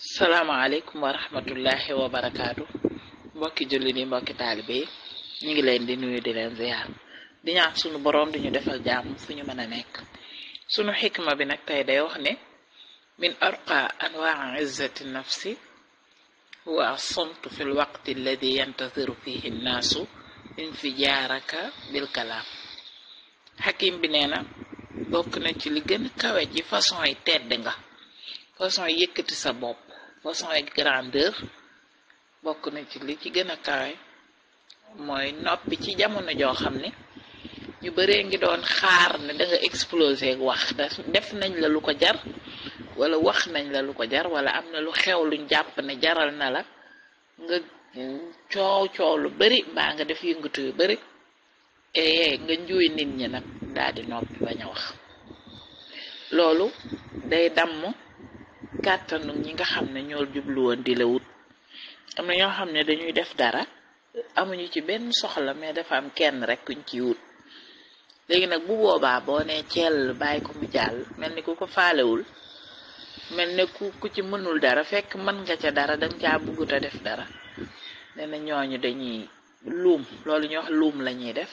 salaamaaleykum wa rahmatullahi wa mbokki julli ni mbokki taalibe yi ñu ngi leen di nuyu di leen ziyaar di ñaan suñu boroom di ñu defal jàmm fu ñu mën a nekk sunu xikma bi nag tey day wax ne min arqa anwaa izzati nafsi wa asomtu fi lwaqti alladi yantadiru fihi nnaasu infijaaraka bil kalaam xakim bi nee na bokk na ci li gën kawe ci façon yi tedd nga façon yëkkati sa bopp façon grandeur bokk na ci li ci gën a kawe mooy noppi ci jamono joo xam ne ñu baree ngi doon xaar ne da nga explosé wax def nañ la lu ko jar wala wax nañ la lu ko jar wala am na lu xew luñ jàpp ne jaral na la nga coow coow lu bari mbaa nga def yëngatu yu bari ee eh, nga njuuy nit ñi nag daal di noppi bañ wax loolu day damm kàttanu ñi nga xam ne ñoo jublu woon di la wut am na ñoo xam ne dañuy def dara amuñu ci benn soxla mais dafa am kenn rek kuñ ci wut léegi nag bu boobaa boo ne ceel bàyyi ko mu jàll mel ni ku ko faalewul mel ni ku ku ci mënul dara fekk mën nga ca dara danga caa buggut a def dara nee ñooñu dañuy luum loolu ñuy wax luum la ñuy def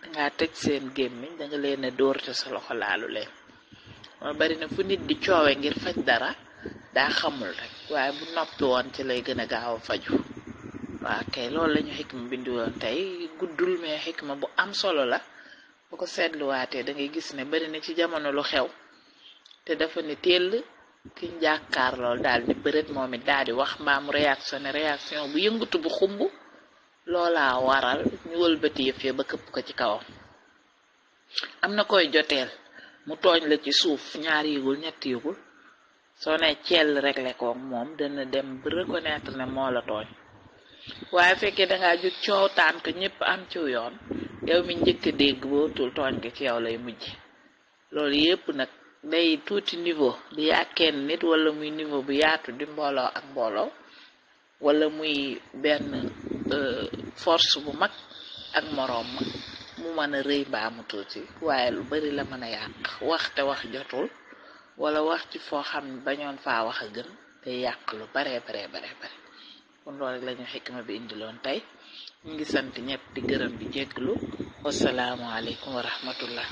danga tëj seen gémmiñ danga leen a dóor te sa loxo laalu leen bari na fu nit di coowe ngir faj dara daa xamul rek waaye bu noppi woon ci lay gën a gaaw a faju waa kay loolu lañu xikma bindi woon tey guddul mais xikma bu am solo la bu ko seetluwaatee da ngay gis ne bari ci jamono lu xew te dafa ne tell ki njàkkaar lool daal ni bërët moom it daal di wax mbaamu réaction ne réaction bu yëngatu bu xumb loola waral ñu wëlbati yëf ya ba këpp ko ci kawam am na koy joteel mu tooñ la ci suuf ñaar yëgul ñett yëgul soo ne cell réglé koog moom dana dem ba reconnaître ne moo la tooñ waaye fekkee dangaa jug coow ko ñëpp am ci yoon yow mi njëkk a dégg bootul tooñ ko ci yow lay mujj loolu yépp nag day tuuti niveau di kenn nit walla muy niveau bu yaatu di mbooloo ak mbooloo wala muy benn euh, force bu mag ak moroom ma mu mën a rëy mbaa mu tuuti waaye lu bari la mën a yàq wax te wax jotul wala wax ci foo xam bañoon faa wax a gën te yàq lu bare bare bare bare kon loolu rek xikma bi indiloon tey ñu ngi sant ñëpp di gërëm bi jégglu wasalaamualeykum wa rahmatullah